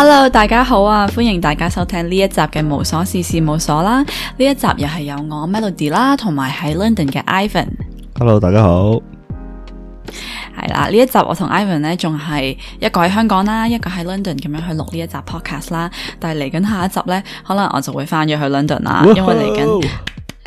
Hello，大家好啊！歡迎大家收聽呢一集嘅無瑣事事務所啦。呢一集又係有我 Melody 啦，同埋喺 London 嘅 Ivan。Hello，大家好。係啦，呢一集我同 Ivan 呢，仲係一個喺香港啦，一個喺 London 咁樣去錄呢一集 podcast 啦。但係嚟緊下一集呢，可能我就會翻咗去 London 啦，Whoa! 因為嚟緊。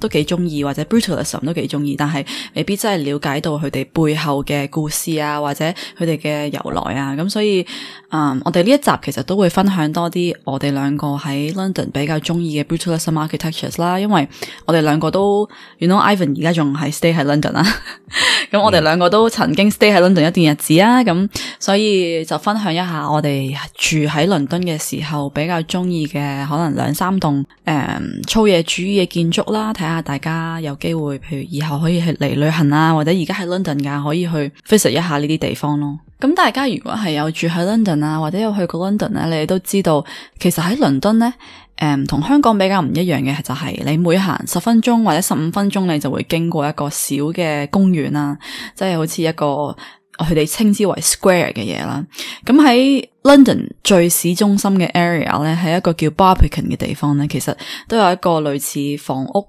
都幾鍾意，或者 Brutalism 都幾鍾意，但係未必真係了解到佢哋背後嘅故事啊，或者佢哋嘅由來啊，咁所以，啊、嗯，我哋呢一集其實都會分享多啲我哋兩個喺 London 比較鍾意嘅 Brutalism Architectures 啦，因為我哋兩個都，原 you 來 know, Ivan 而家仲係 stay 喺 London 啦、啊。咁 我哋兩個都曾經 stay 喺 London 一段日子啊，咁所以就分享一下我哋住喺倫敦嘅時候比較鍾意嘅可能兩三棟誒、嗯、粗野主義嘅建築啦。啊！大家有機會，譬如以後可以去嚟旅行啊，或者而家喺 London 噶，可以去 visit 一下呢啲地方咯。咁大家如果係有住喺 London 啊，或者有去過 London 咧、啊，你哋都知道，其實喺倫敦咧，誒、嗯、同香港比較唔一樣嘅就係你每行十分鐘或者十五分鐘，你就會經過一個小嘅公園、啊就是、啦，即係好似一個佢哋稱之為 square 嘅嘢啦。咁喺 London 最市中心嘅 area 咧，係一個叫 Barbican 嘅地方咧，其實都有一個類似房屋。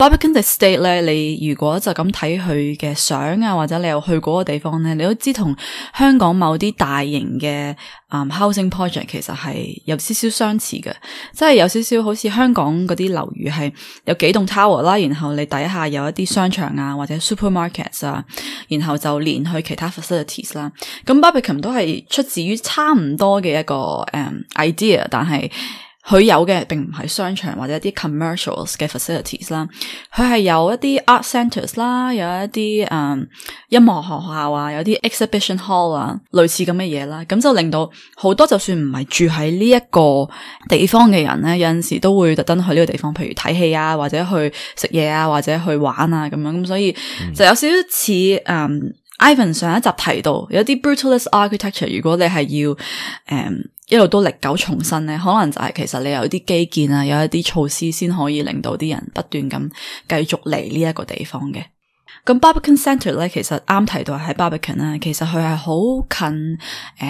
Barbican Estate 咧，你如果就咁睇佢嘅相啊，或者你又去嗰個地方咧，你都知同香港某啲大型嘅啊、嗯、housing project 其實係有少少相似嘅，即係有少少好似香港嗰啲樓宇係有幾棟 tower 啦，然後你底下有一啲商場啊，或者 supermarkets 啊，然後就連去其他 facilities 啦。咁 Barbican 都係出自於差唔多嘅一個誒、嗯、idea，但係，佢有嘅並唔係商場或者一啲 commercials 嘅 facilities 啦，佢係有一啲 art centers 啦，有一啲誒、嗯、音樂學校啊，有啲 exhibition hall 啊，類似咁嘅嘢啦。咁就令到好多就算唔係住喺呢一個地方嘅人咧，有陣時都會特登去呢個地方，譬如睇戲啊，或者去食嘢啊，或者去玩啊咁樣。咁所以就有少少似誒，Ivan 上一集提到有啲 brutalist architecture，如果你係要誒。嗯一路都歷久重新咧，可能就係其實你有啲基建啊，有一啲措施先可以令到啲人不斷咁繼續嚟呢一個地方嘅。咁 Barbican Centre e 咧，其實啱提到喺 Barbican 啦，其實佢係好近，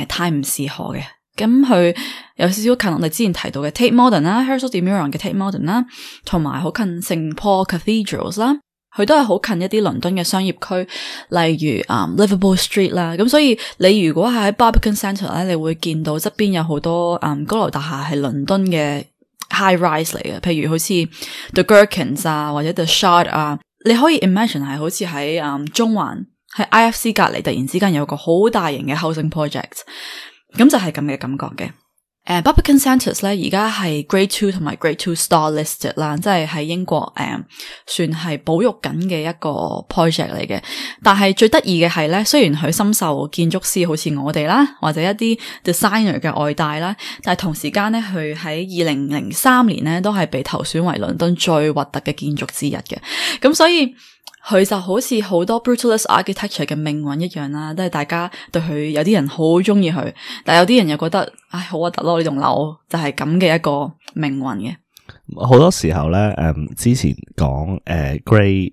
泰晤士河嘅，咁、呃、佢有少少近我哋之前提到嘅 Tate Modern 啦、啊、Herzog & de Meuron 嘅 Tate Modern 啦、啊，同埋好近 St. Paul Cathedrals 啦、啊。佢都係好近一啲倫敦嘅商業區，例如啊、um, Liverpool Street 啦，咁所以你如果係喺 Barbican Centre 咧，你會見到側邊有好多啊、um, 高樓大廈係倫敦嘅 high rise 嚟嘅，譬如好似 The Gherkins 啊或者 The Shard 啊，你可以 imagine 係好似喺啊中環喺 IFC 隔籬，突然之間有個好大型嘅 housing project，咁就係咁嘅感覺嘅。誒 Barbican Centres 咧，而家係 Grade Two 同埋 Grade Two Star listed 啦，即係喺英國誒，uh, 算係保育緊嘅一個 project 嚟嘅。但係最得意嘅係咧，雖然佢深受建築師好似我哋啦，或者一啲 designer 嘅愛戴啦，但係同時間咧，佢喺二零零三年咧都係被投選為倫敦最核突嘅建築之一嘅。咁所以，佢就好似好多 brutalist architecture 嘅命運一樣啦、啊，都係大家對佢有啲人好中意佢，但係有啲人又覺得唉好核突咯，呢棟樓就係咁嘅一個命運嘅。好多時候咧，誒、嗯，之前講誒、呃、Gray。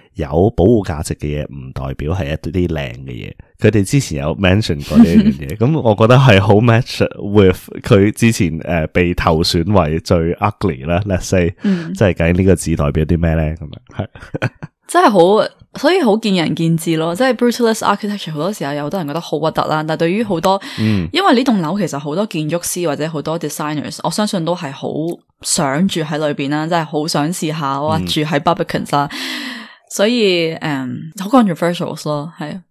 有保護價值嘅嘢唔代表係一啲靚嘅嘢，佢哋之前有 mention 過呢樣嘢，咁 我覺得係好 match with 佢之前誒、呃、被投選為最 ugly 啦。Let's say，S、嗯、 即係究竟呢個字代表啲咩咧，咁樣，係 真係好，所以好見仁見智咯。即係 Brutalist Architecture 好多時候有好多人覺得好核突啦，但係對於好多，嗯、因為呢棟樓其實好多建築師或者好多 designers，我相信都係好想住喺裏邊啦，即係好想試下哇、嗯、住喺 Barbican 啊。所以，誒，好 controversial 咯，係。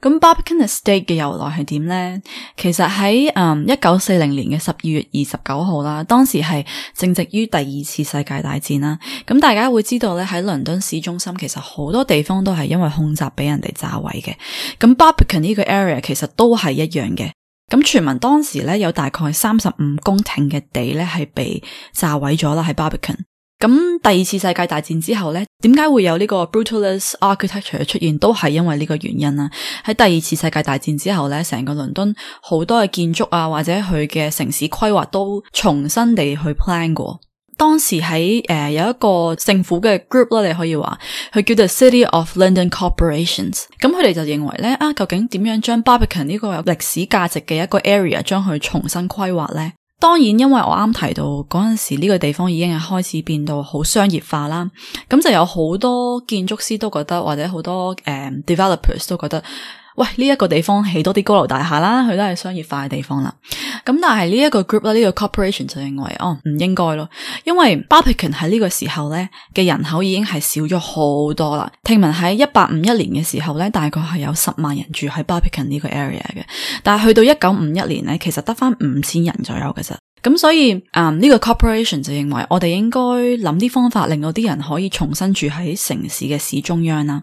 咁 Barbican Estate 嘅由來係點呢？其實喺誒一九四零年嘅十二月二十九號啦，當時係正值於第二次世界大戰啦。咁大家會知道咧，喺倫敦市中心其實好多地方都係因為空襲俾人哋炸毀嘅。咁 Barbican 呢個 area 其實都係一樣嘅。咁傳聞當時咧有大概三十五公頃嘅地咧係被炸毀咗啦，喺 Barbican。咁第二次世界大戰之後呢，點解會有呢個 Brutalist architecture 出現？都係因為呢個原因啊。喺第二次世界大戰之後呢，成個倫敦好多嘅建築啊，或者佢嘅城市規劃都重新地去 plan 過。當時喺誒、呃、有一個政府嘅 group 啦，你可以話佢叫 The City of London Corporations。咁佢哋就認為呢，啊，究竟點樣將 Barbican 呢個有歷史價值嘅一個 area 將佢重新規劃呢？當然，因為我啱提到嗰陣時，呢個地方已經係開始變到好商業化啦。咁就有好多建築師都覺得，或者好多誒、um, developers 都覺得。喂，呢、這、一個地方起多啲高樓大廈啦，佢都係商業化嘅地方啦。咁但係呢一個 group 咧，呢個 corporation 就認為哦，唔應該咯，因為巴比肯喺呢個時候咧嘅人口已經係少咗好多啦。聽聞喺一八五一年嘅時候咧，大概係有十萬人住喺巴比肯呢個 area 嘅，但係去到一九五一年咧，其實得翻五千人左右。嘅咋。咁所以，誒、嗯、呢、這個 corporation 就認為我哋應該諗啲方法，令到啲人可以重新住喺城市嘅市中央啦。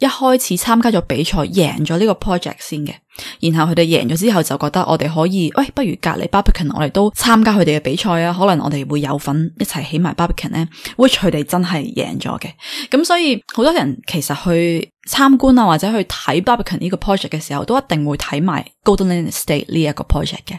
一開始參加咗比賽，贏咗呢個 project 先嘅，然後佢哋贏咗之後就覺得我哋可以，喂，不如隔籬 Barbican 我哋都參加佢哋嘅比賽啊，可能我哋會有份一齊起埋 Barbican 咧，which 佢哋真係贏咗嘅，咁所以好多人其實去參觀啊或者去睇 Barbican 呢個 project 嘅時候，都一定會睇埋 Golden Lane Estate 呢一個 project 嘅。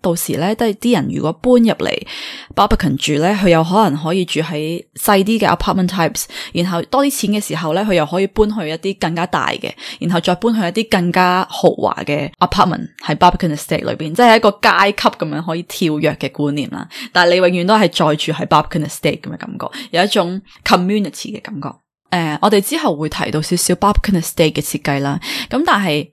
到時咧，都係啲人如果搬入嚟 Barbican 住咧，佢有可能可以住喺細啲嘅 apartment types，然後多啲錢嘅時候咧，佢又可以搬去一啲更加大嘅，然後再搬去一啲更加豪華嘅 apartment 喺 Barbican Estate 裏邊，即係一個階級咁樣可以跳躍嘅觀念啦。但係你永遠都係再住喺 Barbican Estate 咁嘅感覺，有一種 community 嘅感覺。誒、呃，我哋之後會提到少少 Barbican Estate 嘅設計啦。咁但係。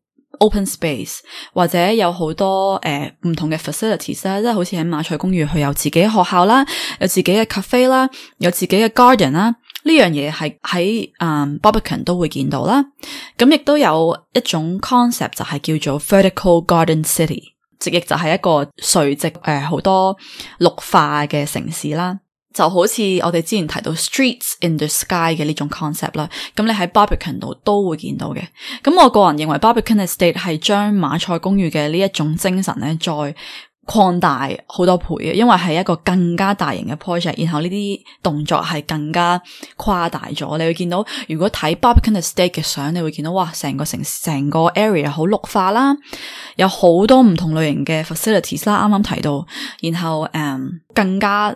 open space 或者有多、呃、好多誒唔同嘅 facilities 啦，即係好似喺馬賽公寓佢有自己學校啦，有自己嘅 cafe 啦，有自己嘅 garden 啦，呢樣嘢係喺啊 Barbican 都會見到啦。咁亦都有一種 concept 就係叫做 vertical garden city，直譯就係一個垂直誒好、呃、多綠化嘅城市啦。就好似我哋之前提到 streets in the sky 嘅呢種 concept 啦，咁你喺 Barbican 度都會見到嘅。咁我個人認為 Barbican Estate 係將馬賽公寓嘅呢一種精神咧，再擴大好多倍嘅，因為係一個更加大型嘅 project，然後呢啲動作係更加誇大咗。你會見到，如果睇 Barbican Estate 嘅相，你會見到哇，成個城市成個 area 好綠化啦，有好多唔同類型嘅 facilities 啦，啱啱提到，然後誒、um, 更加。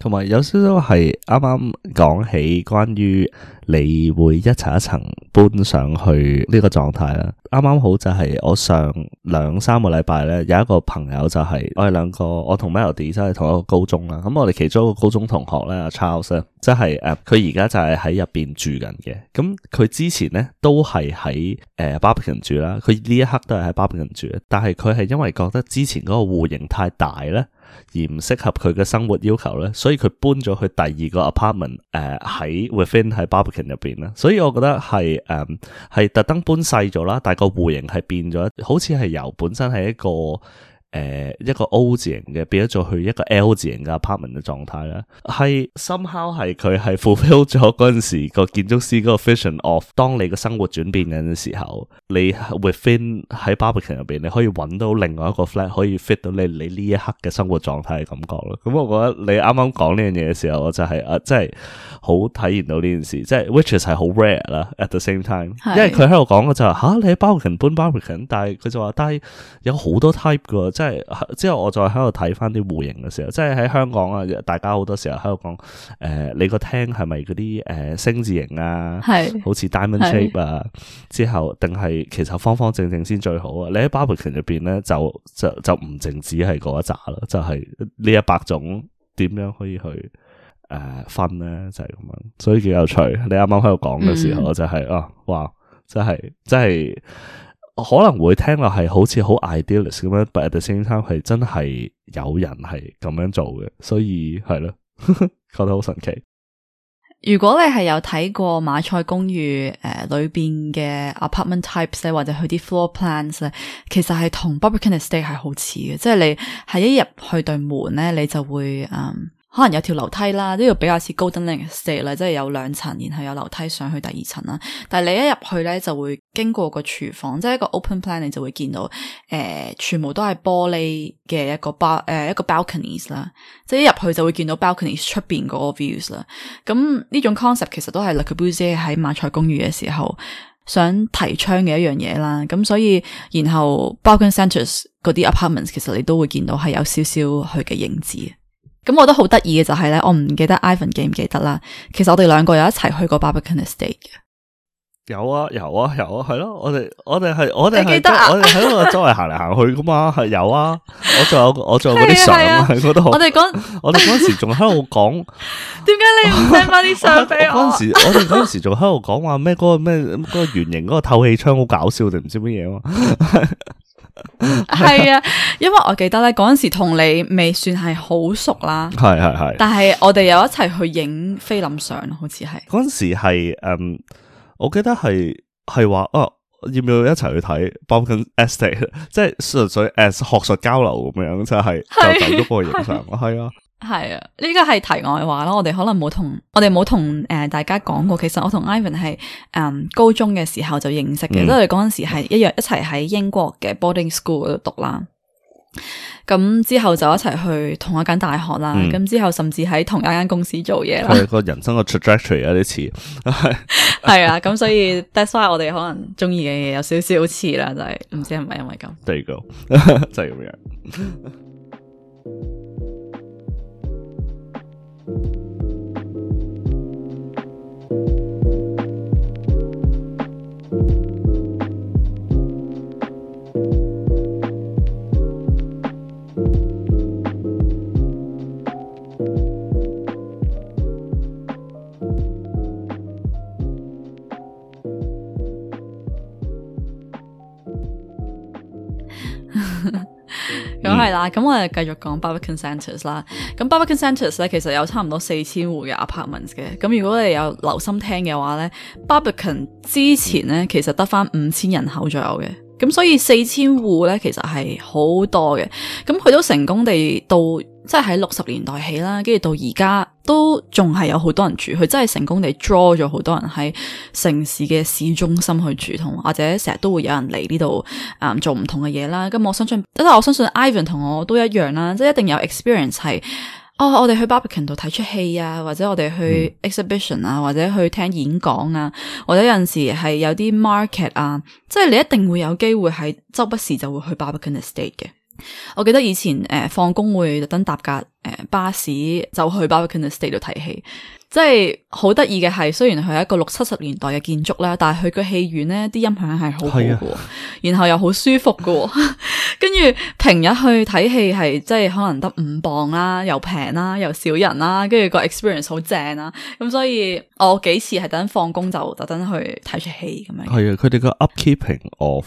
同埋有少少係啱啱講起關於你會一層一層搬上去呢個狀態啦，啱啱好就係我上兩三個禮拜咧，有一個朋友就係、是，我哋兩個，我同 Melody 真係同一個高中啦。咁我哋其中一個高中同學咧，阿 Charles 咧，就是，即係誒，佢而家就係喺入邊住緊嘅。咁佢之前咧都係喺誒 Barbican 住啦，佢呢一刻都係喺 Barbican 住，但係佢係因為覺得之前嗰個戶型太大咧。而唔適合佢嘅生活要求咧，所以佢搬咗去第二個 apartment，誒、uh, 喺 within 喺 Barbican 入邊啦。所以我覺得係誒係特登搬細咗啦，但係個戶型係變咗，好似係由本身係一個誒、uh, 一個 O 字形嘅變咗去一個 L 字形嘅 apartment 嘅狀態啦。係 somehow 係佢係 fulfill 咗嗰陣時個建築師嗰個 vision of 當你嘅生活轉變緊嘅時候。你 within 喺 Barbican 入邊，你可以揾到另外一個 flat 可以 fit 到你你呢一刻嘅生活狀態嘅感覺咯。咁我覺得你啱啱講呢樣嘢嘅時候，我就係、是、啊，即係好體驗到呢件事，即係 which is 係好 rare 啦。At the same time，是因為佢喺度講嘅就係嚇，你喺 Barbican 搬 Barbican，但係佢就話但係有好多 type 嘅，即、啊、係之後我再喺度睇翻啲戶型嘅時候，即係喺香港啊，大家好多時候喺度講誒你個廳係咪嗰啲誒星字型啊，係是好似 diamond shape 啊，是是之後定係。其實方方正正先最好啊！你喺 b r Barbican 入邊咧，就就就唔淨止係嗰一紮啦，就係呢一、就是、一百種點樣可以去誒、呃、分咧，就係、是、咁樣，所以幾有趣。嗯、你啱啱喺度講嘅時候就係、是、啊，哇！真係真係可能會聽落係好似好 idealist 咁樣，but at the same time 係真係有人係咁樣做嘅，所以係咯， 覺得好神奇。如果你係有睇過馬賽公寓誒、呃、裏邊嘅 apartment types 咧，或者佢啲 floor plans 咧，其實係同 Barbican Estate 係好似嘅，即係你係一入去對門咧，你就會嗯。可能有條樓梯啦，呢度比較似高登零四啦，即係有兩層，然後有樓梯上去第二層啦。但係你一入去咧，就會經過個廚房，即係一個 open p l a n 你就會見到誒、呃，全部都係玻璃嘅一,、呃、一個 bal 誒一個 balconies 啦。即係一入去就會見到 balconies 出邊個 views 啦。咁、嗯、呢種 concept 其實都係 l u c k y House 喺萬彩公寓嘅時候想提倡嘅一樣嘢啦。咁、嗯、所以然後 b a l c o n centres 嗰啲 apartments 其實你都會見到係有少少佢嘅影子。咁、嗯、我覺得好得意嘅就係、是、咧，我唔記得 Ivan 記唔記得啦。其實我哋兩個有一齊去過 Barbican Estate 嘅、啊。有啊有啊有啊，係咯、啊，我哋我哋係我哋係、啊、我哋喺個周圍行嚟行去噶嘛，係有啊。我仲有我仲有啲相，我覺、 啊啊、 我哋嗰很我， 我時仲喺度講，點解 你唔 send 翻啲相俾我？嗰 時我哋嗰時仲喺度講話咩？嗰、那個咩？嗰、那個圓形嗰個透氣窗好搞笑定唔知乜嘢啊？ 係 啊，因為我記得咧嗰陣時同你未算係好熟啦，係係係，但係我哋有一齊去影菲林相，好似係嗰陣時係，嗯、um,，我記得係係話，哦、啊，要唔要一齊去睇 Barbican Estate，即係純粹 as 學術交流咁樣，就係、是、是是 就走咗過去影相，係是是 啊。係啊，呢個係題外話咯。我哋可能冇同，我哋冇同誒大家講過。其實我同 Ivan 係誒、嗯、高中嘅時候就認識嘅。即係、嗯、我嗰時係一樣一齊喺英國嘅 boarding school 度讀啦。咁之後就一齊去同一間大學啦。咁、嗯、之後甚至喺同一間公司做嘢啦。係個、嗯、人生嘅 trajectory 有啲似。係啊，咁 所以 that’s why 我哋可能中意嘅嘢有少少似啦，就唔、係、知係咪因為咁。There you go 係 啦，咁我哋繼續講 Barbican Centers 啦。咁 Barbican Centers 咧，其實有差唔多四千戶嘅 apartments 嘅。咁如果你有留心聽嘅話咧，Barbican 之前咧其實得返五千人口左右嘅。咁所以四千戶咧，其實係好多嘅。咁佢都成功地到。即係喺六十年代起啦，跟住到而家都仲係有好多人住，佢真係成功地 draw 咗好多人喺城市嘅市中心去住，同或者成日都會有人嚟呢度啊做唔同嘅嘢啦。咁我相信，即係我相信 Ivan 同我都一樣啦，即係一定有 experience 係哦，我哋去 Barbican 度睇出戲啊，或者我哋去 exhibition 啊，或者去聽演講啊，或者有陣時係有啲 market 啊，即係你一定會有機會喺周不時就會去 Barbican Estate 嘅。我記得以前誒、呃、放工會特登搭架誒、呃、巴士就去 Barbican Estate 度睇戲，即係好得意嘅係，雖然佢係一個六七十年代嘅建築啦，但係佢個戲院咧啲音響係好好嘅，是啊、然後又好舒服嘅，跟 住平日去睇戲係即係可能得五磅啦，又平啦，又少人啦，跟住個 experience 好正啦，咁、嗯、所以我幾次係等放工就特登去睇出戲咁樣。係啊，佢哋個 upkeeping of。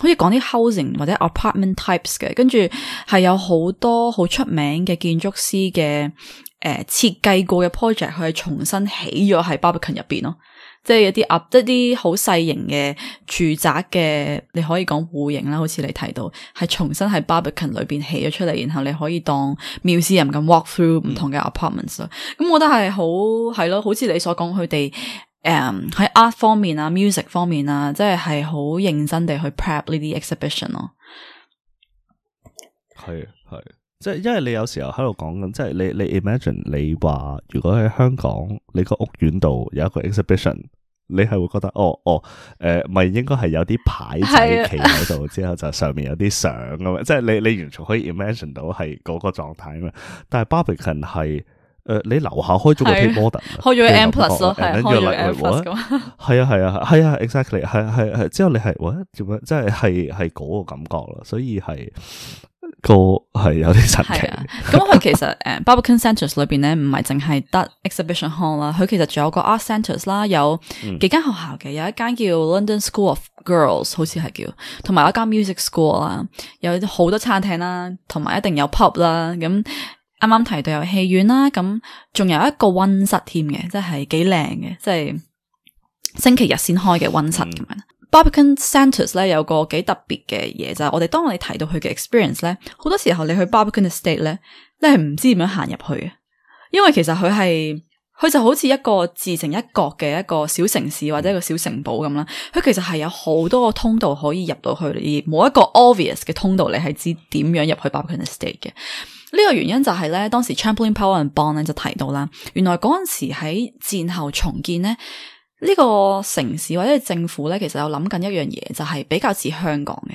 好似講啲 housing 或者 apartment types 嘅，跟住係有好多好出名嘅建築師嘅誒，設計過嘅 project，佢係重新起咗喺 Barbican 入邊咯，即係有啲 update 啲好細型嘅住宅嘅，你可以講戶型啦，好似你提到係重新喺 Barbican 裏邊起咗出嚟，然後你可以當 museum 咁 walk through 唔同嘅 apartments，咁、嗯嗯、我覺得係好係咯，好似你所講佢哋。誒，喺、um, art 方面啊，music 方面啊，即係係好認真地去 prep 呢啲 exhibition 咯。係係，即係因為你有時候喺度講緊，即係你你 imagine 你話如果喺香港你個屋苑度有一個 exhibition，你係會覺得哦哦，誒、哦、咪、呃、應該係有啲牌仔企喺度，之後就上面有啲相咁嘛， 即係你你完全可以 imagine 到係嗰個狀態嘛。但係 Barbican 係。誒，你樓下開咗個 Tate Modern 開咗個 MPlus 咯，開咗個 MPlus 咁，係啊係啊係啊，exactly 係係係，之後你係，哇，點樣，即係係係嗰個感覺啦，所以係個係有啲神奇。咁佢其實誒，Barbican Centre 裏邊咧，唔係淨係得 Exhibition Hall 啦，佢其實仲有個 Art Centre 啦，有幾間學校嘅，有一間叫 London School of Girls，好似係叫，同埋一間 Music School 啊，有好多餐廳啦，同埋一定有 pub 啦，咁。啱啱提到有戲院啦，咁仲有一個温室添嘅，即係幾靚嘅，即係星期日先開嘅温室咁樣。Barbican Centre 咧、嗯、有個幾特別嘅嘢就係、是，我哋當我哋提到佢嘅 experience 咧，好多時候你去 Barbican Estate 咧，你係唔知點樣行入去嘅，因為其實佢係佢就好似一個自成一角嘅一個小城市或者一個小城堡咁啦。佢其實係有好多個通道可以入到去，而冇一個 obvious 嘅通道你係知點樣入去 Barbican Estate 嘅。呢個原因就係咧，當時 Chamberlin, Powell and Bon 就提到啦，原來嗰陣時喺戰後重建咧，呢、這個城市或者政府咧，其實有諗緊一樣嘢，就係、是、比較似香港嘅。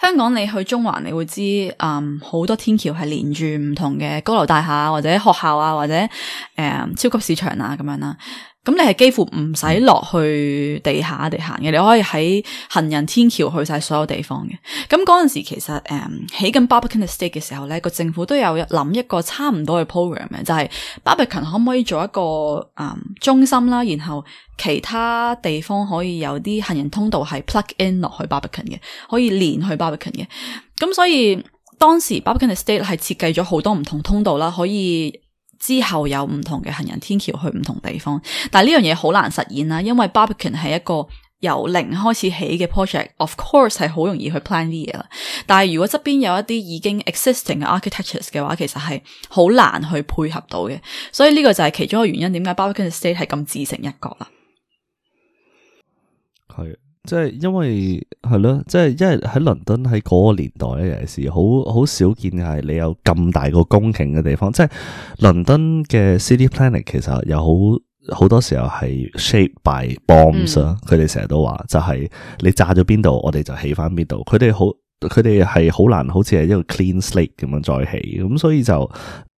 香港你去中環，你會知嗯好多天橋係連住唔同嘅高樓大廈或者學校啊，或者誒、嗯、超級市場啊咁樣啦。咁、嗯、你係幾乎唔使落去地下地行嘅，你可以喺行人天橋去晒所有地方嘅。咁嗰陣時其實誒起緊 Barbican Estate 嘅時候咧，個政府都有諗一個差唔多嘅 program 嘅、就係，就係 Barbican 可唔可以做一個誒、嗯、中心啦，然後其他地方可以有啲行人通道係 plug in 落去 Barbican 嘅，可以連去 Barbican 嘅。咁所以當時 Barbican Estate 係設計咗好多唔同通道啦，可以。之後有唔同嘅行人天橋去唔同地方，但係呢樣嘢好難實現啦，因為 Barbican 係一個由零開始起嘅 project，of course 係好容易去 plan 啲嘢啦。但係如果側邊有一啲已經 existing 嘅 architectures 嘅話，其實係好難去配合到嘅，所以呢個就係其中一個原因，點解 Barbican Estate 係咁自成一角啦。係。即係因為係咯，即係因為喺倫敦喺嗰個年代咧，又是好好少見係你有咁大個公頃嘅地方。即係倫敦嘅 city planning 其實有好好多時候係 shaped by bombs 佢哋成日都話就係、是、你炸咗邊度，我哋就起翻邊度。佢哋好，佢哋係好難，好似係一個 clean slate 咁樣再起，咁所以就。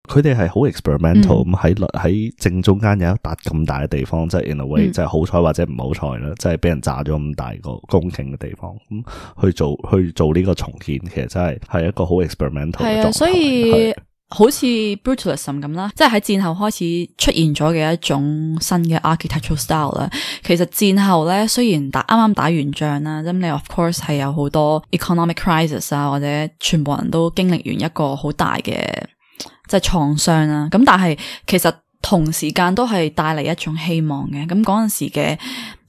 佢哋係好 experimental 咁喺喺、嗯、正中間有一笪咁大嘅地方，即、就、係、是、in a way，即係好彩或者唔好彩啦，即係俾人炸咗咁大個公頃嘅地方，咁、嗯、去做去做呢個重建，其實真係係一個好 experimental。係、嗯、啊，所以是好似 brutalism 咁啦，即係喺戰後開始出現咗嘅一種新嘅 architectural style 啦。其實戰後咧，雖然打啱啱打完仗啦，咁你 of course 係有好多 economic crisis 啊，或者全部人都經歷完一個好大嘅。即係創傷啊，咁但係其實同時間都係帶嚟一種希望嘅。咁嗰陣時嘅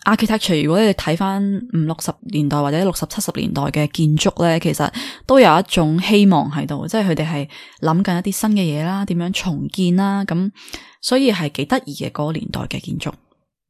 architecture，如果你睇翻五六十年代或者六十七十年代嘅建築咧，其實都有一種希望喺度，即係佢哋係諗緊一啲新嘅嘢啦，點樣重建啦，咁所以係幾得意嘅嗰個年代嘅建築。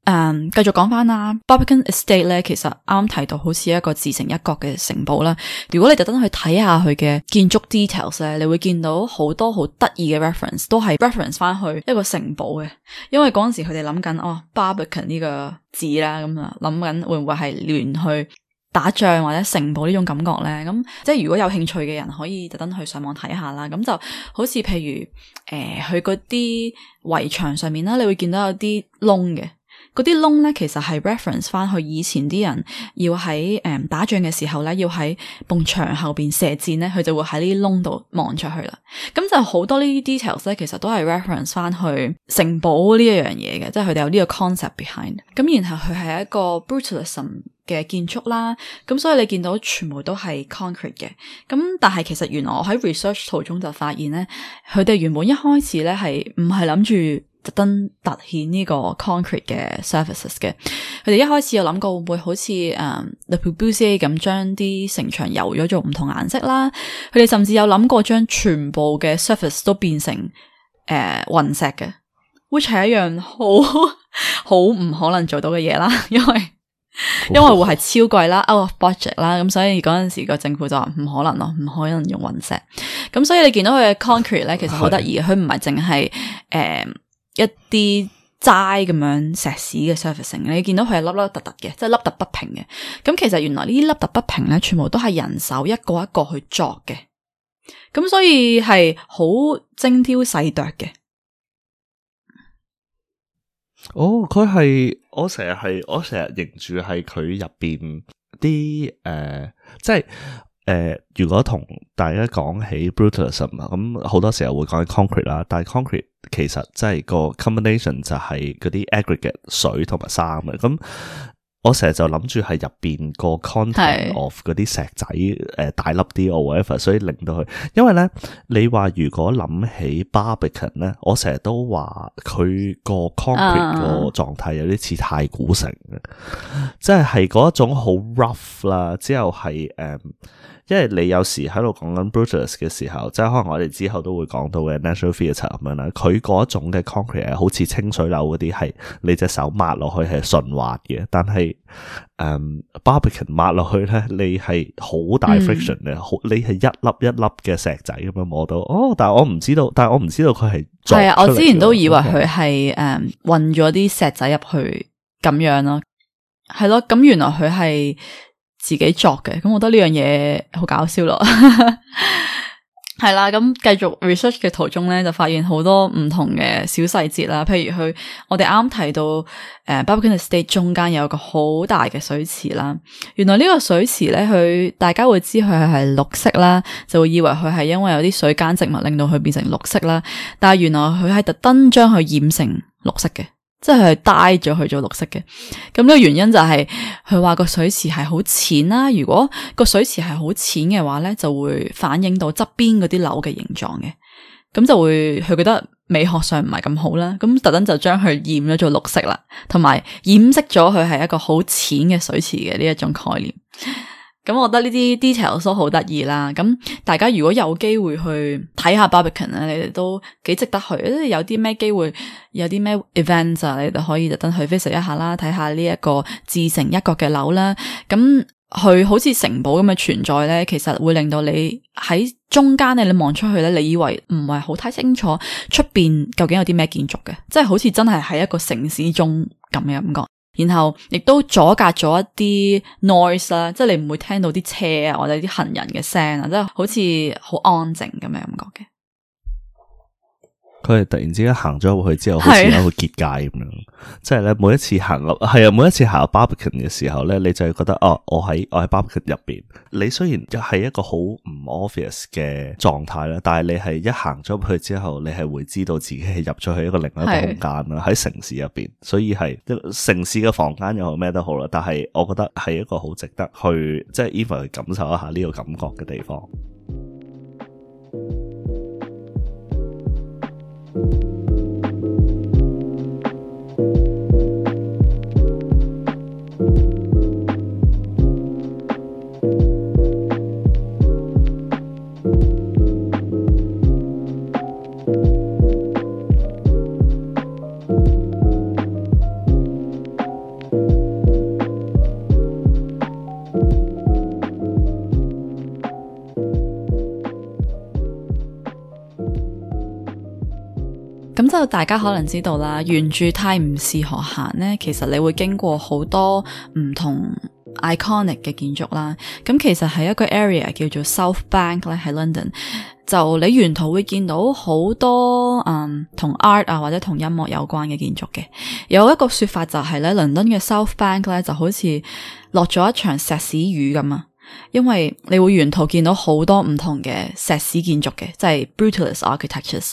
誒繼、um, 續講翻啦，Barbican Estate 咧，其實啱啱提到好似一個自成一國嘅城堡啦。如果你特登去睇下佢嘅建築 details 咧，你會見到好多好得意嘅 reference，都係 reference 翻去一個城堡嘅。因為嗰陣時佢哋諗緊哦，Barbican 呢個字咧，咁啊諗緊會唔會係聯去打仗或者城堡呢種感覺咧？咁即係如果有興趣嘅人，可以特登去上網睇下啦。咁就好似譬如誒，佢嗰啲圍牆上面啦，你會見到有啲窿嘅。嗰啲窿咧，其實係 reference 翻去以前啲人要喺誒、嗯、打仗嘅時候咧，要喺埲牆後邊射箭咧，佢就會喺呢啲窿度望出去啦。咁就好多呢啲 details 咧，其實都係 reference 翻去城堡呢一樣嘢嘅，即係佢哋有呢個 concept behind。咁然後佢係一個 brutalism 嘅建築啦。咁所以你見到全部都係 concrete 嘅。咁但係其實原來我喺 research 途中就發現咧，佢哋原本一開始咧係唔係諗住是特登凸顯呢個 concrete 嘅 surfaces 嘅，佢哋一開始有諗過會唔會好似誒 the building 咁將啲城牆油咗做唔同顏色啦，佢哋甚至有諗過將全部嘅 surface 都變成誒雲、呃、石嘅，which 係一樣好好唔可能做到嘅嘢啦，因為、oh. 因為會係超貴啦 out of budget 啦，咁所以嗰陣時個政府就話唔可能咯，唔可能用雲石，咁所以你見到佢嘅 concrete 咧，其實好得意，佢唔係淨係誒。一啲齋咁樣石屎嘅 surfacing，你見到佢係凹凹凸凸嘅，即係凹凸不平嘅。咁、嗯、其實原來呢啲凹凸不平咧，全部都係人手一個一個去作嘅。咁、嗯、所以係好精挑細琢嘅。哦，佢係我成日係我成日認住係佢入邊啲誒，即係。誒、呃，如果同大家講起 brutalism 啊，咁好多時候會講起 concrete 啦。但係 concrete 其實真係個 combination 就係嗰啲 aggregate 水同埋沙嘅。咁我成日就諗住係入邊個 content of 嗰啲石仔誒是、呃、大粒啲 whatever 所以令到佢。因為咧，你話如果諗起 Barbican 咧，我成日都話佢個 concrete 個狀態有啲似太古城嘅。Uh. 即係係嗰一種好 rough 啦，之後係誒、嗯，因為你有時喺度講緊 brutus 嘅時候，即係可能我哋之後都會講到嘅 natural friction 咁樣啦。佢嗰一種嘅 concrete 好似清水樓嗰啲，係你隻手抹落去係順滑嘅，但係誒、嗯、，Barbican 抹落去咧，你係好大 friction 嘅，好、嗯、你係一粒一粒嘅石仔咁樣摸到。哦，但係我唔知道，但係我唔知道佢係係啊，我之前都以為佢係誒混咗啲石仔入去咁樣咯。係咯，咁原來佢係自己作嘅，咁我覺得呢樣嘢好搞笑咯。係 啦，咁繼續 research 嘅途中咧，就發現好多唔同嘅小細節啦。譬如佢，我哋啱啱提到誒 Barbican Estate 中間有個好大嘅水池啦。原來呢個水池咧，佢大家會知佢係綠色啦，就會以為佢係因為有啲水間植物令到佢變成綠色啦。但係原來佢係特登將佢染成綠色嘅。即係佢帶咗佢做綠色嘅，咁呢個原因就係佢話個水池係好淺啦。如果個水池係好淺嘅話呢，就會反映到側邊嗰啲樓嘅形狀嘅，咁就會佢覺得美學上唔係咁好啦。咁特登就將佢染咗做綠色啦，同埋掩飾咗佢係一個好淺嘅水池嘅呢一種概念。咁我覺得呢啲 details 都好得意啦。咁大家如果有機會去睇下 Barbican 咧，你哋都幾值得去。即係有啲咩機會，有啲咩 events 啊，你哋可以特登去 visit 一下啦，睇下呢一個自成一國嘅樓啦。咁佢好似城堡咁嘅存在咧，其實會令到你喺中間咧，你望出去咧，你以為唔係好太清楚出邊究竟有啲咩建築嘅，即係好似真係喺一個城市中咁嘅感覺。然後亦都阻隔咗一啲 noise 啦，即係你唔會聽到啲車啊或者啲行人嘅聲啊，即係好似好安靜咁樣感覺嘅。佢係突然之間行咗入去之後，好似一個結界咁樣，是即係咧每一次行入，係啊，每一次行入 Barbican 嘅時候咧，你就會覺得哦，我喺我喺 Barbican 入邊。你雖然係一個好唔 obvious 嘅狀態咧，但係你係一行咗入去之後，你係會知道自己係入咗去一個另外一個空間啦。喺是城市入邊，所以係城市嘅房間又好咩都好啦。但係我覺得係一個好值得去，即係 even 去感受一下呢個感覺嘅地方。大家可能知道啦，沿住泰晤士河行呢。其實你會經過好多唔同 iconic 嘅建築啦。咁其實係一個 area 叫做 South Bank 咧，喺 London。就你沿途會見到好多嗯同 art 啊，或者同音樂有關嘅建築嘅。有一個說法就係、是、咧，倫敦嘅 South Bank 咧就好似落咗一場石屎雨咁啊，因為你會沿途見到好多唔同嘅石屎建築嘅，即、就、係、是、Brutalist architectures。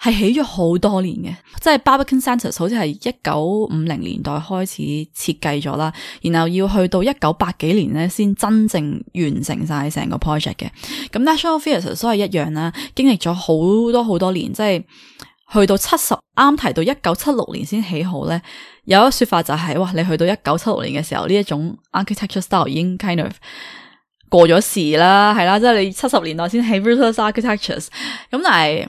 係起咗好多年嘅，即係 Barbican Centre 好似係一九五零年代開始設計咗啦，然後要去到一九八幾年咧先真正完成晒成個 project 嘅。咁 National Theatre 都係一樣啦，經歷咗好多好多年，即係去到七十啱提到一九七六年先起好咧。有一個說法就係、是，哇，你去到一九七六年嘅時候，呢一種 architecture style 已經 kind of 過咗時啦，係啦，即、就、係、是、你七十年代先起 Brutalist architectures，咁但係。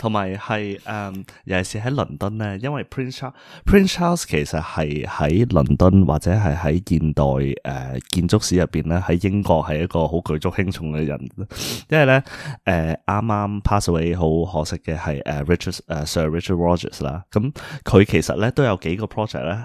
同埋係誒，尤其是喺倫敦咧，因為 Prince Charles Prince Charles 其實係喺倫敦或者係喺現代誒、呃、建築史入邊咧，喺英國係一個好舉足輕重嘅人，因為咧誒啱啱 pass away，好可惜嘅係誒 Richard 誒、uh, Sir Richard Rogers 啦，咁佢其實咧都有幾個 project 咧。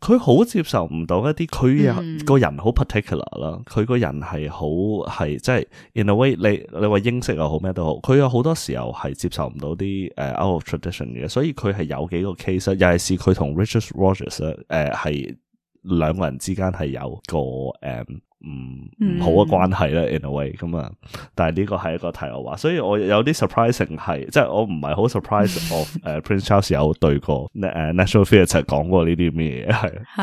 佢好接受唔到一啲，佢又個人好 particular 啦。佢個人係好係即係，in a way 你你話英式又好咩都好，佢有好多時候係接受唔到啲誒 out of tradition 嘅，所以佢係有幾個 case，尤其是佢同 Richard Rogers 誒、uh, 係兩個人之間係有個誒。Um, 唔唔、嗯、好嘅關係咧，in a way 咁啊，但係呢個係一個題外話，所以我有啲 surprising 係，即係我唔係好 surprise of 誒、uh,，Prince Charles 有對過 National Theatre 講過呢啲咩，嘢，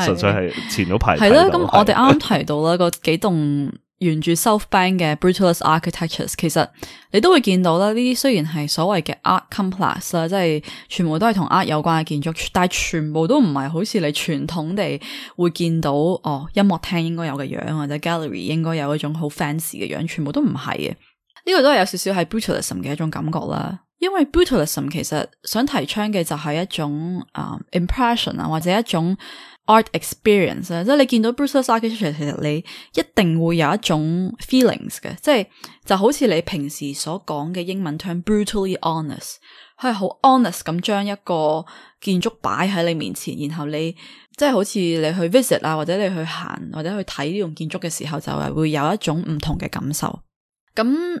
係純是粹係前嗰排係啦。咁的的我哋啱啱提到啦，個 幾棟。沿住 South Bank 嘅 Brutalist architectures，其實你都會見到啦。呢啲雖然係所謂嘅 Art Complex 啦，即係全部都係同 Art 有關嘅建築，但係全部都唔係好似你傳統地會見到哦，音樂廳應該有嘅樣或者 Gallery 應該有一種好 fancy 嘅樣，全部都唔係嘅。呢個都係有少少係 Brutalism 嘅一種感覺啦。因為 Brutalism 其實想提倡嘅就係一種誒、uh, impression 啊，或者一種 art experience 啊，即係你見到 Brutalist architecture，其實你一定會有一種 feelings 嘅，即係就好似你平時所講嘅英文 term，聽 brutally honest，佢係好 honest 咁將一個建築擺喺你面前，然後你即係好似你去 visit 啊，或者你去行或者去睇呢種建築嘅時候，就係會有一種唔同嘅感受，咁。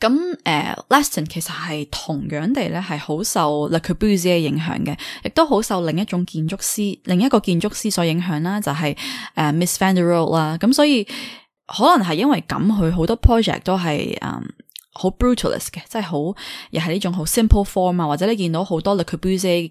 咁誒、uh, Lasdun 其實係同樣地咧係好受 Le Corbusier 影響嘅，亦都好受另一種建築師、另一個建築師所影響，就是 uh, 啦，就係誒 Mies Van der Rohe 啦。咁所以可能係因為咁，佢好多 project 都係誒好 brutalist 嘅，即係好又係呢種好 simple form 啊，或者你見到好多 Le Corbusier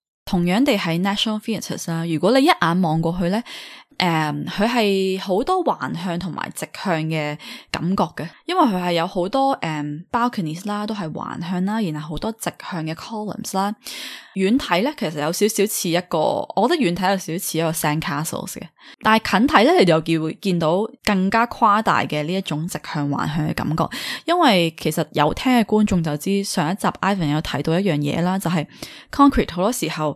同樣地喺 National Theatre 啦，如果你一眼望過去咧，誒、嗯，佢係好多橫向同埋直向嘅感覺嘅，因為佢係有好多誒 balconies 啦，嗯、ies，都係橫向啦，然後好多直向嘅 columns 啦。遠睇咧，其實有少少似一個，我覺得遠睇有少少似一個 sandcastles 嘅，但係近睇咧，你就見會見到更加誇大嘅呢一種直向橫向嘅感覺，因為其實有聽嘅觀眾就知上一集 Ivan 有提到一樣嘢啦，就係、是、concrete 好多時候。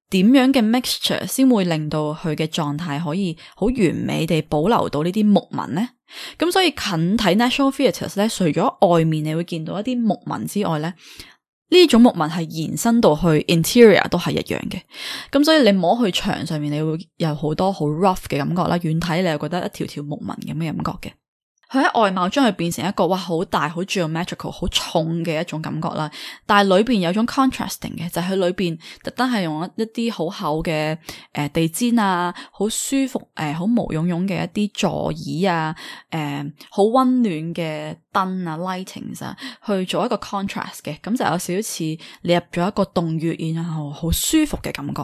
點樣嘅 mixture 先會令到佢嘅狀態可以好完美地保留到呢啲木紋呢？咁所以近睇 National Theatre 咧，除咗外面你會見到一啲木紋之外咧，呢種木紋係延伸到去 interior 都係一樣嘅。咁所以你摸去牆上面你會有好多好 rough 嘅感覺啦。遠睇你又覺得一條條木紋咁嘅感覺嘅。佢喺外貌將佢變成一個哇，好大好 geometrical 好重嘅一種感覺啦。但係裏邊有種 contrasting 嘅，就係、是、佢裏邊特登係用一啲好厚嘅，誒、呃、地氈啊，好舒服誒，好毛茸茸嘅一啲座椅啊，誒好溫暖嘅燈啊 lightings 啊，去做一個 contrast 嘅，咁就有少少似你入咗一個洞穴，然後好舒服嘅感覺。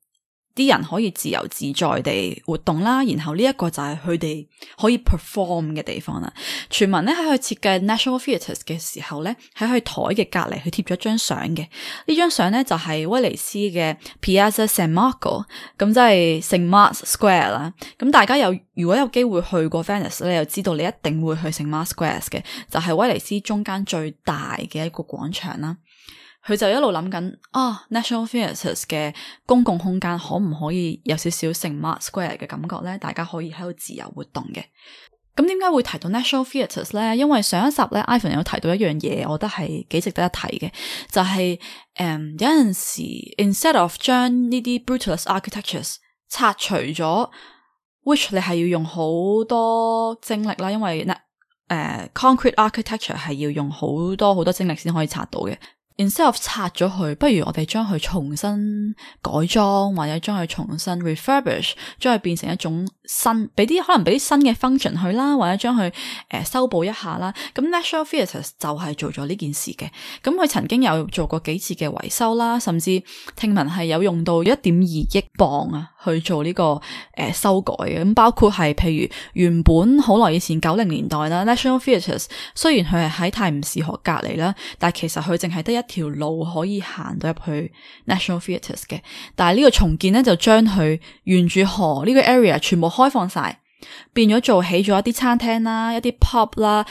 啲人可以自由自在地活動啦，然後呢一個就係佢哋可以 perform 嘅地方啦。傳聞咧喺佢設計 National Theatres 嘅時候咧，喺佢台嘅隔籬佢貼咗張相嘅。張呢張相咧就係、是、威尼斯嘅 Piazza San Marco，咁即係聖 m 馬斯 Square 啦。咁大家有如果有機會去過 Venice 咧，又知道你一定會去聖馬斯 Square 嘅，就係、是、威尼斯中間最大嘅一個廣場啦。佢就一路諗緊啊 National theatres 嘅公共空間可唔可以有少少 St Mark's Square 嘅感覺咧？大家可以喺度自由活動嘅。咁點解會提到 National theatres 咧？因為上一集咧，Ivan 有提到一樣嘢，我覺得係幾值得一提嘅，就係、是、誒、嗯、有陣時 instead of 將呢啲 brutalist architectures 拆除咗，which 你係要用好多精力啦，因為、呃、concrete architecture 係要用好多好多精力先可以拆到嘅。然之後拆咗佢，不如我哋將佢重新改裝，或者將佢重新 refurbish，將佢變成一種新，俾啲可能俾啲新嘅 function 佢啦，或者將佢誒修補一下啦。咁 National Theatre 就係做咗呢件事嘅。咁佢曾經有做過幾次嘅維修啦，甚至聽聞係有用到一點二億磅啊去做呢個誒修改嘅。咁包括係譬如原本好耐以前九零年代啦，National Theatre 雖然佢係喺泰晤士河隔離啦，但係其實佢淨係得一條路可以行到入去 National Theatres 嘅，但係呢個重建咧就將佢沿住河呢個 area 全部開放晒，變咗做起咗一啲餐廳啦，一啲 pub 啦，誒、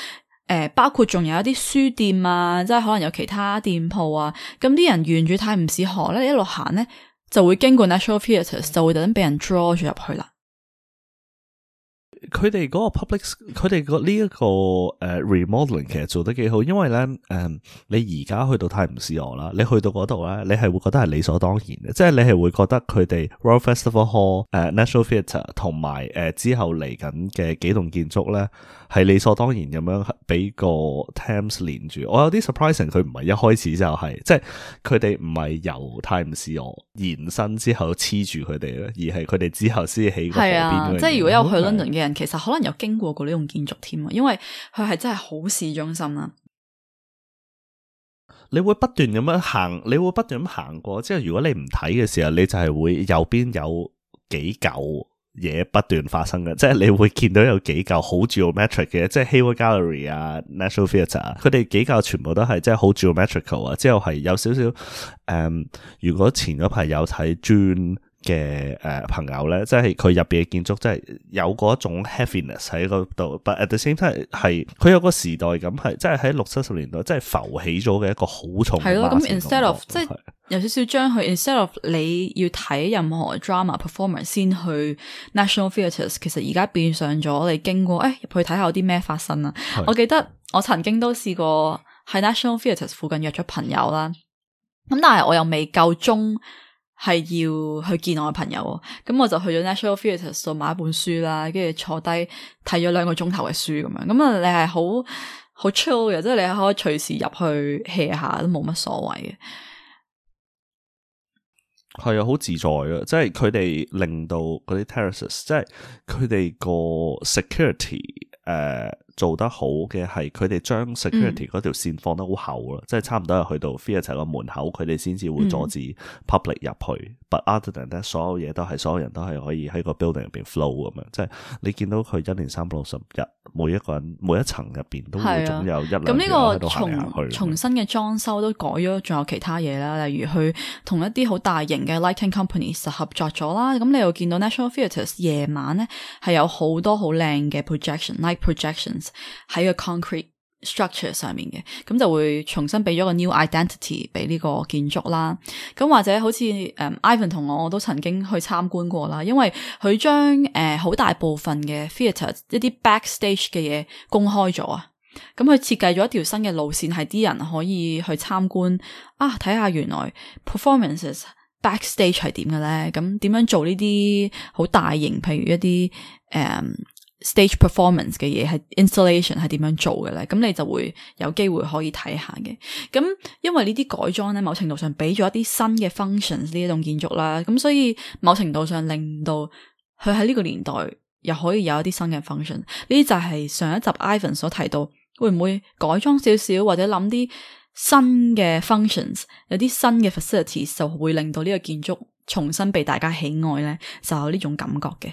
呃，包括仲有一啲書店啊，即係可能有其他店鋪啊，咁啲人沿住泰晤士河咧一路行咧，就會經過 National Theatres，就會特登俾人 draw 咗入去啦。佢哋嗰個 public 佢哋個呢一個誒 remodeling 其實做得幾好，因為咧誒、嗯，你而家去到泰晤士河啦，你去到嗰度咧，你係會覺得係理所當然嘅，即係你係會覺得佢哋 Royal Festival Hall、uh, theater、誒 National Theatre 同埋誒之後嚟緊嘅幾棟建築咧。係理所當然咁樣俾個 Thames 連住，我有啲 surprising，佢唔係一開始就係、是，即係佢哋唔係由 Thames 嚟延伸之後黐住佢哋咧，而係佢哋之後先起個河邊啊，即係如果有去 London 嘅人，啊、其實可能有經過過呢種建築添啊，因為佢係真係好市中心啊。你會不斷咁樣行，你會不斷咁行過。即係如果你唔睇嘅時候，你就係會右邊有幾嚿。嘢不斷發生嘅，即係你會見到有幾舊好 geometric 嘅，即係 Hayward Gallery 啊、National Theatre，佢哋幾舊全部都係即係好 geometric 啊，之後係有少少，誒、嗯，如果前嗰排有睇 j 嘅誒朋友咧，即係佢入邊嘅建築，真係有嗰種 heaviness 喺嗰度，but at the same time 係佢有個時代感，係即係喺六七十年代，真係浮起咗嘅一個好重。係咯、嗯，咁 instead of 即係有少少將佢 instead of 你要睇任何 drama performance 先去 National Theatres，其實而家變相咗，你經過誒入、哎、去睇下有啲咩發生啊！的我記得我曾經都試過喺 National Theatres 附近約咗朋友啦，咁但係我又未夠鐘。係要去見我嘅朋友，咁我就去咗 National Futures 度買一本書啦，跟住坐低睇咗兩個鐘頭嘅書咁樣，咁啊你係好好 chill 嘅，即係、就是、你可以隨時入去 hea 下都冇乜所謂嘅，係啊，好自在嘅，即係佢哋令到嗰啲 terraces，即係佢哋個 security 誒、呃。做得好嘅係佢哋將 security 嗰條線放得好厚啦，嗯、即係差唔多係去到 theatre 個門口，佢哋先至會阻止 public 入去。嗯、But other than that，所有嘢都係所有人都係可以喺個 building 入邊 flow 咁樣，即係你見到佢一年三百六十日，每一個人每一層入邊都會總有一、啊、走走個人咁，呢個重重新嘅裝修都改咗，仲有其他嘢啦，例如佢同一啲好大型嘅 lighting companies 就合作咗啦。咁你又見到 National Theatre 夜晚咧係有好多好靚嘅 projection light projections。喺個 concrete structure 上面嘅，咁就會重新俾咗個 new identity 俾呢個建築啦。咁或者好似誒、嗯、，Ivan 同我我都曾經去參觀過啦。因為佢將誒好大部分嘅 theatre 一啲 backstage 嘅嘢公開咗啊。咁佢設計咗一條新嘅路線，係啲人可以去參觀啊，睇下原來 performances backstage 係點嘅咧。咁點樣做呢啲好大型，譬如一啲誒。嗯 Stage performance 嘅嘢係 installation 係點樣做嘅咧？咁你就會有機會可以睇下嘅。咁因為呢啲改裝咧，某程度上俾咗一啲新嘅 functions 呢一棟建築啦。咁所以某程度上令到佢喺呢個年代又可以有一啲新嘅 function。呢啲就係上一集 Ivan 所提到，會唔會改裝少少或者諗啲新嘅 functions，有啲新嘅 facilities 就會令到呢個建築重新被大家喜愛咧，就有呢種感覺嘅。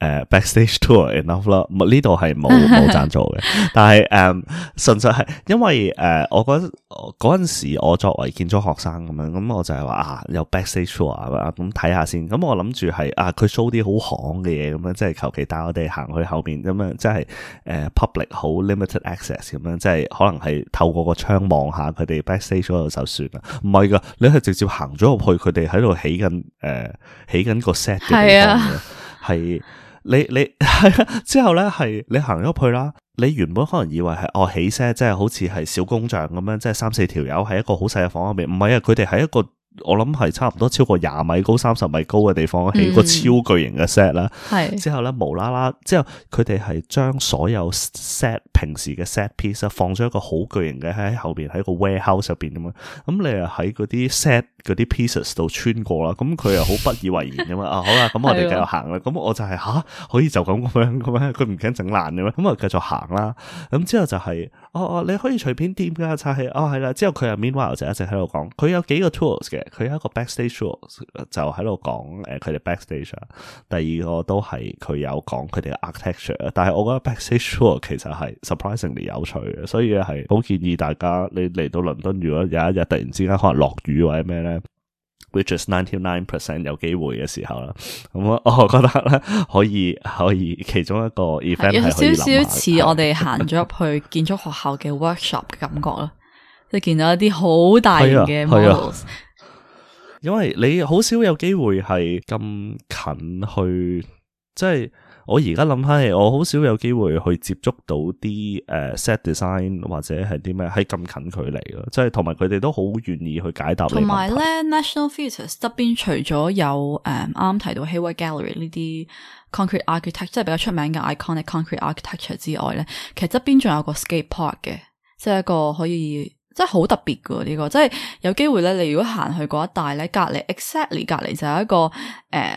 誒、uh,backstage tour enough 啦，呢度係冇冇讚助嘅，但係誒，純、um, 粹係因為誒，uh, 我嗰嗰陣時我作為建築學生咁樣，咁我就係話啊，有 backstage tour 看看、嗯、啊，咁睇下先，咁我諗住係啊，佢 show 啲好行嘅嘢，咁樣即係求其帶我哋行去後邊咁樣，即係誒、uh, public 好 limited access 咁樣，即係可能係透過個窗望,望下佢哋 backstage 度就算啦，唔係噶，你係直接行咗入去，佢哋喺度起緊誒、呃，起緊個 set 嘅係啊，係。你你係啊， 之後咧係你行咗入去啦。你原本可能以為，係哦起聲即係好似係小工匠咁樣，即係三四條友，喺一個好細嘅房入邊，唔係啊，佢哋係一個。我諗係差唔多超過廿米高、三十米高嘅地方起個超巨型嘅 set 啦，嗯，係之後咧，無啦啦之後佢哋係將所有 set 平時嘅 set piece 啊，放咗一個好巨型嘅喺後邊喺個 warehouse 入邊咁啊，咁你又喺嗰啲 set 嗰啲 pieces 度穿過啦，咁佢又好不以為然噶嘛，啊好啦，咁、嗯、 我哋繼續行啦，咁我就係、是、吓、啊、可以就咁咁樣咁樣，佢唔驚整爛嘅咩？咁啊繼續行啦，咁之後就係、是。哦哦，你可以隨便掂㗎，拆起哦係啦。之後佢又 meanwhile 就一直喺度講，佢有幾個 tools 嘅，佢有一個 backstage tool 就喺度講誒佢哋 backstage。呃、back stage, 第二個都係佢有講佢哋嘅 architecture，但係我覺得 backstage tool 其實係 surprisingly 有趣嘅，所以係好建議大家你嚟到倫敦，如果有一日突然之間可能落雨或者咩咧。which is ninety nine percent 有機會嘅時候啦，咁我我覺得咧可以可以其中一個 effect 有少少似我哋行咗入去建築學校嘅 workshop 嘅感覺啦，即係 見到一啲好大型嘅 models， 啊啊、因為你好少有機會係咁近去，即係。我而家諗翻係，我好少有機會去接觸到啲誒、uh, set design 或者係啲咩喺咁近距離嘅，即係同埋佢哋都好願意去解答。同埋咧，National Theatre 側邊除咗有誒啱啱提到 Hayward Gallery 呢啲 Concrete Architecture，即係比較出名嘅 Iconic Concrete Architecture 之外咧，其實側邊仲有個 Skate Park 嘅，即係一個可以即係好特別嘅呢、呢個，即係有機會咧，你如果行去嗰一帶咧，隔離 exactly 隔離就有一個誒。Uh,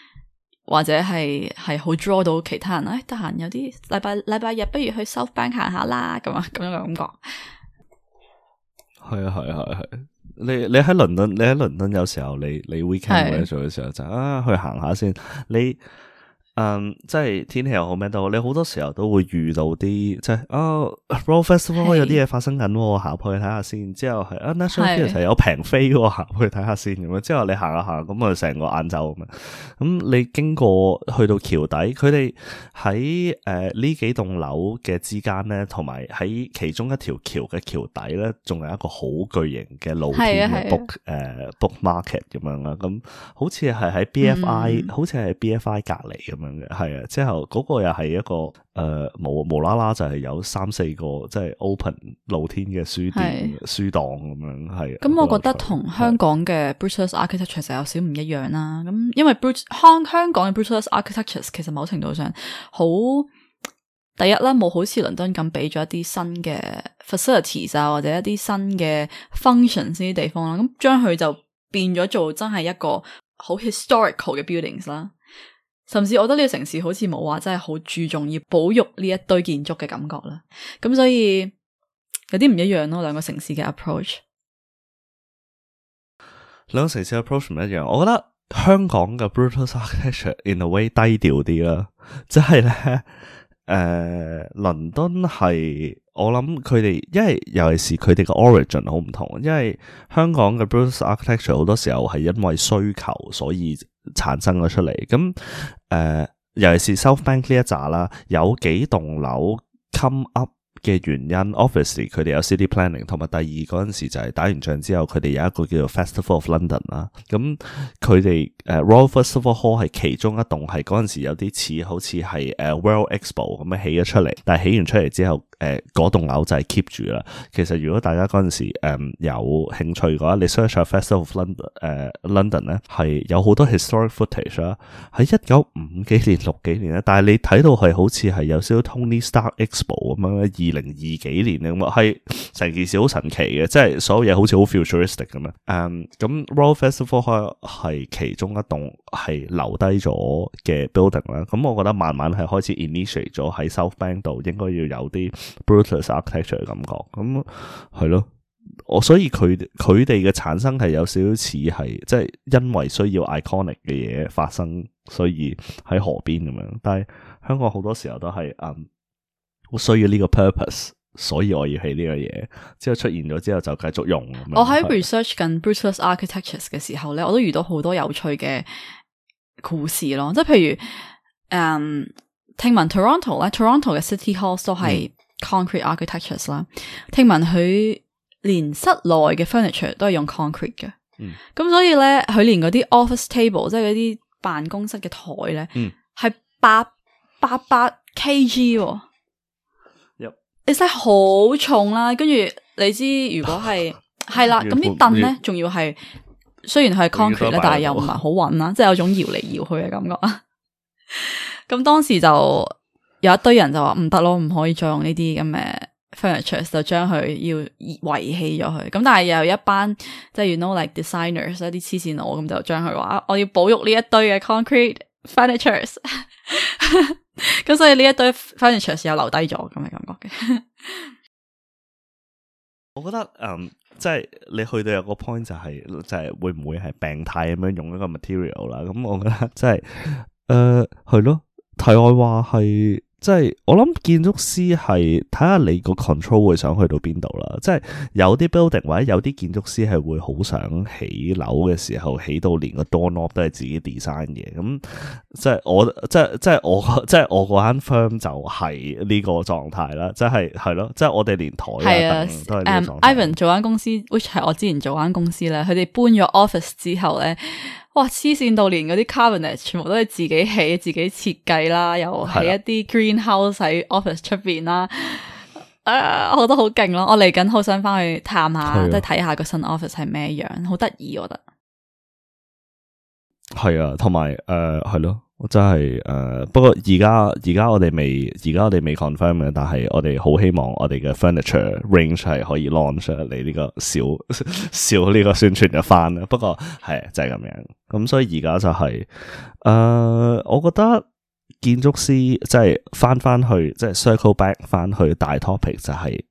或者係係好 draw 到其他人，哎，得閒有啲禮拜禮拜日，不如去 South Bank 行一行一下啦，咁啊，咁樣嘅感覺。係啊，係啊，係，你你喺倫敦，你喺倫敦，有時候你你 weekend 嘅時候就啊，去行下先，你。嗯，um, 即係天氣又好咩都，好，你好多時候都會遇到啲即係啊 Royal Festival 有啲嘢發生緊，行是去睇下先。之後係，National Theatre 係有平飛，行是去睇下先咁樣。之後你行一行，咁啊成個晏晝咁樣，咁、嗯、你經過去到橋底，佢哋喺誒呢幾棟樓嘅之間咧，同埋喺其中一條橋嘅橋底咧，仲有一個好巨型嘅露天 book 誒、uh, book market 咁樣啦。咁、嗯、好似係喺 BFI，好似係 BFI 隔離咁。咁嘅係啊，之後嗰個又係一個誒、呃，無無啦啦就係有三四個即係 open 露天嘅書店、的書檔咁樣係。咁、嗯、我覺得同對香港嘅 Brutalist architecture 就有少唔一樣啦、啊。咁因為 Brut 香香港嘅 Brutalist architecture 其實某程度上好第一啦，冇好似倫敦咁俾咗一啲新嘅 facilities 啊，或者一啲新嘅 function 呢啲地方啦、啊。咁將佢就變咗做真係一個好 historical 嘅 buildings 啦。甚至我覺得呢個城市好似冇話真係好注重要保育呢一堆建築嘅感覺啦，咁所以有啲唔一樣咯，兩個城市嘅 approach。兩個城市嘅 approach 唔一樣，我覺得香港嘅 brutal architecture in a way 低調啲啦，即係咧，誒、呃，倫敦係。我諗佢哋，因為尤其是佢哋個 origin 好唔同，因為香港嘅 Brutalist architecture 好多時候係因為需求所以產生咗出嚟。咁誒、呃，尤其是 South Bank 呢一紮啦，有幾棟樓 come up 嘅原因，Obviously 佢哋有 city planning，同埋第二嗰陣時就係打完仗之後，佢哋有一個叫做 Festival of London 啦。咁佢哋誒 Royal Festival Hall 係其中一棟，係嗰陣時有啲似好似係誒 World Expo 咁樣起咗出嚟，但係起完出嚟之後。誒嗰、嗯、棟樓就係 keep 住啦。其實如果大家嗰陣時、嗯、有興趣嘅話，你 search 下 Festival of London 咧，係、呃、有好多 historic footage 啦。喺一九五幾年、六幾年咧，但係你睇到係好似係有少少 Tony Stark Expo 咁樣，二零二幾年啊嘛，係成件事好神奇嘅，即係所有嘢好似好 futuristic 咁樣。誒咁 Royal Festival Hall 係其中一棟係留低咗嘅 building 啦。咁我覺得慢慢係開始 initiate 咗喺 South Bank 度應該要有啲。Brutalist architecture 嘅感覺，咁係咯，我所以佢佢哋嘅產生係有少少似係，即係因為需要 iconic 嘅嘢發生，所以喺河邊咁樣。但係香港好多時候都係，嗯，好需要呢個 purpose，所以我要起呢個嘢，之後出現咗之後就繼續用。我喺 research 緊 brutalist architectures 嘅時候咧，我都遇到好多有趣嘅故事咯，即係譬如，嗯，聽聞 Toronto 咧，Toronto 嘅 City Hall 都係。嗯 Concrete architectures 啦，architect ures，聽聞佢連室內嘅 furniture 都係用 concrete 嘅，咁、嗯、所以咧佢連嗰啲 office table，即係嗰啲辦公室嘅台咧，係八八八 kg，哦、yep，你真係好重啦！跟住你知如果係係、啊、啦，咁啲凳咧仲要係雖然係 concrete 咧，但係又唔係好穩啦，啊、即係有種搖嚟搖去嘅感覺啊！咁、 嗯、當時就。有一堆人就話唔得咯，唔可以再用呢啲咁嘅 furniture，就將佢要遺棄咗佢。咁但係又有一班即係 you know like designers 一啲黐線佬咁就將佢話我要保育呢一堆嘅 concrete furniture。咁所以呢一堆 furniture 又留低咗咁嘅感覺嘅。 我覺得嗯，即係你去到有個 point 就係就係會唔會係病態咁樣用一個 material 啦？咁我覺得即係誒係咯，題、呃、外話係。即係我諗建築師係睇下你個 control 會想去到邊度啦，即係有啲 building 或者有啲建築師係會好想起樓嘅時候起到連個 door knob 都係自己 design 嘅，咁、嗯、即係我即係即係我即係我間 firm 就係呢個狀態啦，即係係咯，即係我哋連台都係嗯、啊 um，Ivan 做間公司，which 係我之前做間公司咧，佢哋搬咗 office 之後咧。哇！黐線到連嗰啲 cabinet 全部都係自己起、自己設計啦，又喺一啲 greenhouse 喺 office 出邊啦，啊的！我覺得好勁咯！我嚟緊好想翻去探下，即係睇下個新 office 係咩樣，好得意，我覺得。係啊，同埋誒係咯。的真係誒，不過而家而家我哋未，而家我哋未 confirm 嘅，但係我哋好希望我哋嘅 furniture range 係可以 launch 嚟，呢個少少呢個宣傳嘅翻啦。不過係就係、是、咁樣，咁所以而家就係、是、誒，uh, 我覺得建築師即係翻翻去即係、就是、circle back 翻去大 topic 就係、是。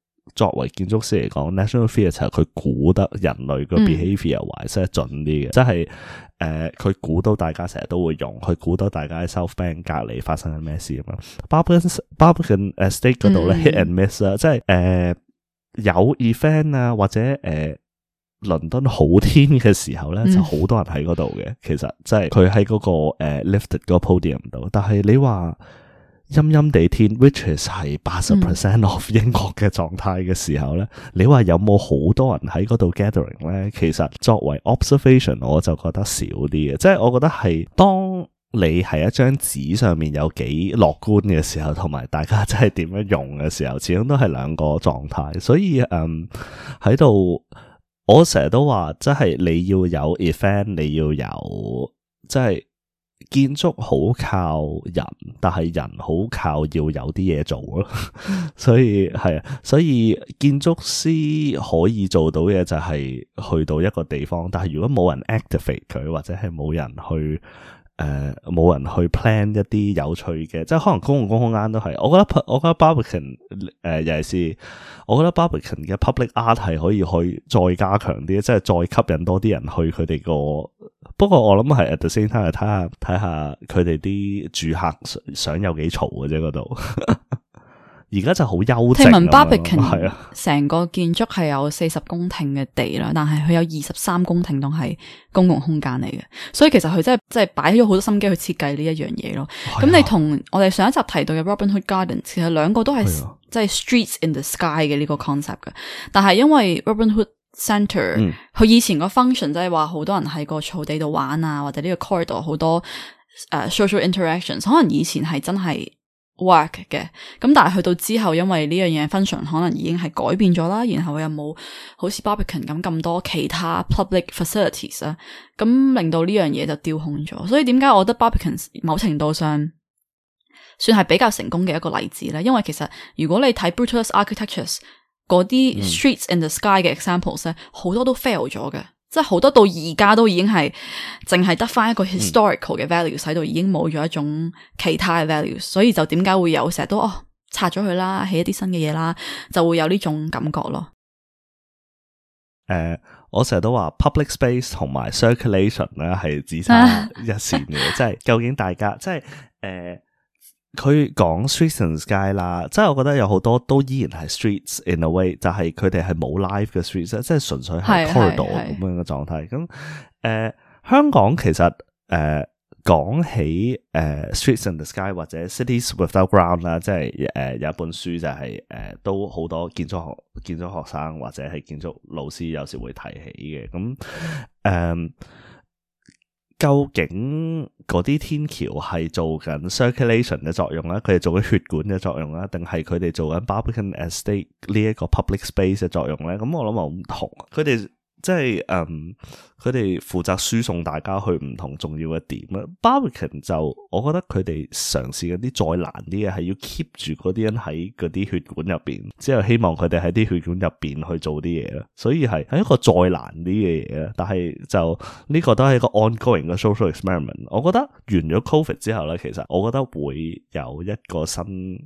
作為建築師嚟講 ，National Theatre 係佢估得人類個 behavior 還識得準啲嘅，即係誒，佢估、呃、到大家成日都會用，佢估到大家喺 South Bank 隔離發生緊咩事咁樣。Barbican Barbican Estate 嗰度咧 hit and miss 啊，即係誒有 event 啊或者誒、呃、倫敦好天嘅時候咧就好多人喺嗰度嘅，嗯、其實即係佢喺嗰個誒、呃、lifted 嗰個 podium 度，但係你話。陰陰地天，which is 八十 percent of 英國嘅狀態嘅時候咧，嗯、你話有冇好多人喺嗰度 gathering 咧？其實作為 observation，我就覺得少啲嘅，即係我覺得係當你係一張紙上面有幾樂觀嘅時候，同埋大家真係點樣用嘅時候，始終都係兩個狀態。所以嗯，喺度我成日都話，即係你要有 event，你要有即係。建築好靠人，但係人好靠要有啲嘢做咯。 所以係啊，所以建築師可以做到嘅就係去到一個地方，但係如果冇人 activate 佢，或者係冇人去誒，呃，冇人去 plan 一啲有趣嘅，即係可能公共空間都係。我覺得我覺得 Barbican 誒尤其是，我覺得,得 Barbican 嘅、呃、bar public art 係可以去再加強啲，即係再吸引多啲人去佢哋個。不過我諗係啊 d e 睇下睇下佢哋啲住客想有幾嘈嘅啫，嗰度而家就好幽靜。聽聞 Barbican，成嗎個建築係有四十公頃嘅地啦，但係佢有二十三公頃都係公共空間嚟嘅，所以其實佢真係即係擺咗好多心機去設計呢一樣嘢咯。咁、哎、呦你同我哋上一集提到嘅 Robin Hood Gardens，其實兩個都係即係、哎、呦 streets in the sky 嘅呢個 concept 嘅，但係因為 Robin Hood。Centre 佢以前個 function 就係話好多人喺個草地度玩啊，或者呢個 corridor 好多誒、uh, social interactions，可能以前係真係 work 嘅。咁但係去到之後，因為呢樣嘢 function 可能已經係改變咗啦，然後又冇好似 Barbican 咁咁多其他 public facilities 啊，咁令到呢樣嘢就凋控咗。所以點解我覺得 Barbican 某程度上算係比較成功嘅一個例子咧？因為其實如果你睇 Brutalist architectures，嗰啲 streets in the sky 嘅 examples 咧、嗯，好多都 fail 咗嘅，即係好多到而家都已經係淨係得翻一個 historical 嘅 value 喺度、嗯，已經冇咗一種其他嘅 value，所以就點解會有成日都哦拆咗佢啦，起一啲新嘅嘢啦，就會有呢種感覺咯。誒、呃，我成日都話 public space 同埋 circulation 咧係只差一線嘅， 即係究竟大家即係誒。呃佢講 streets in the sky 啦，即係我覺得有好多都依然係 streets in a way，就係佢哋係冇 live 嘅 streets，即係純粹係 corridor 咁樣嘅狀態。咁誒、呃，香港其實誒、呃、講起誒、呃、streets in the sky 或者 cities without ground 啦，即係誒有一本書就係、是、誒、呃、都好多建築學建築學生或者係建築老師有時會提起嘅。咁嗯。呃究竟嗰啲天橋係做緊 circulation 嘅作用咧，佢哋做緊血管嘅作用咧，定係佢哋做緊 Barbican estate 呢一個 public space 嘅作用咧？咁我諗冇唔同。佢哋。即係嗯，佢哋負責輸送大家去唔同重要嘅點啦。Barbican 就，我覺得佢哋嘗試緊啲再難啲嘅係要 keep 住嗰啲人喺嗰啲血管入邊，之後希望佢哋喺啲血管入邊去做啲嘢啦。所以係係一個再難啲嘅嘢啦。但係就呢個都係一個 ongoing 嘅 social experiment。我覺得完咗 Covid 之後咧，其實我覺得會有一個新。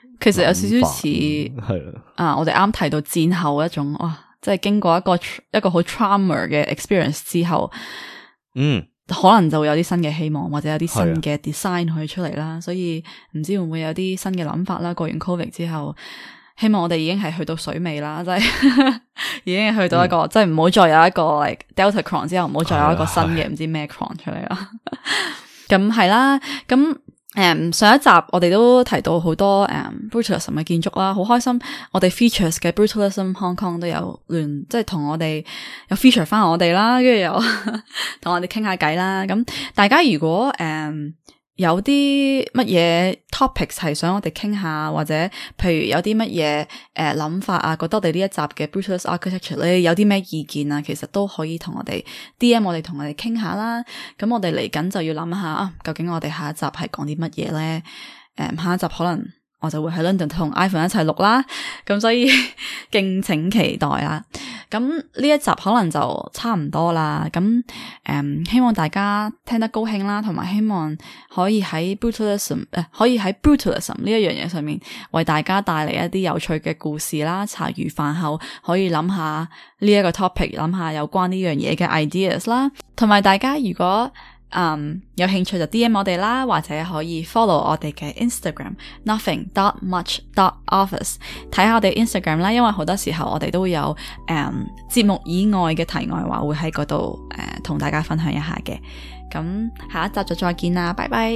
其實有少少似係啊！我哋啱提到戰後一種哇，即係經過一個一個好 trauma 嘅 experience 之後，嗯，可能就會有啲新嘅希望，或者有啲新嘅 design 可以出嚟啦。的所以唔知會唔會有啲新嘅諗法啦？過完 covid 之後，希望我哋已經係去到水尾啦，即係 已經去到一個、嗯、即係唔好再有一個 Deltacron 之後，唔好再有一個新嘅唔知咩 cron 出嚟啦。咁係啦，咁。的 誒，上一集我哋都提到好多誒，Brutalism 嘅建築啦，好開心，我哋 features 嘅 Brutalism Hong Kong 都有聯，即係同我哋有 feature 返我哋啦，跟住又同我哋傾下偈啦，咁大家如果誒，有啲乜嘢 topics 係想我哋傾下，或者譬如有啲乜嘢誒諗法啊，覺得我哋呢一集嘅 Brutalist Architecture 咧有啲咩意見啊，其實都可以同我哋 DM 我哋同我哋傾下啦。咁我哋嚟緊就要諗下啊，究竟我哋下一集係講啲乜嘢咧？誒、呃，下一集可能。我就會喺 London 同 Ivan 一齊錄啦，咁所以 敬請期待啦。咁呢一集可能就差唔多啦，咁誒、嗯、希望大家聽得高興啦，同埋希望可以喺 Brutalism 誒、呃，可以喺 Brutalism 呢一樣嘢上面為大家帶嚟一啲有趣嘅故事啦，茶餘飯後可以諗下呢一個 topic，諗下有關呢樣嘢嘅 ideas 啦，同埋大家如果。嗯，um, 有興趣就 DM 我哋啦，或者可以 follow 我哋嘅 Instagram Nothing Dot Much Dot Office，睇下我哋 Instagram 啦，因為好多時候我哋都會有誒節、um, 目以外嘅題外話，會喺嗰度誒同大家分享一下嘅。咁下一集就再見啦，拜拜。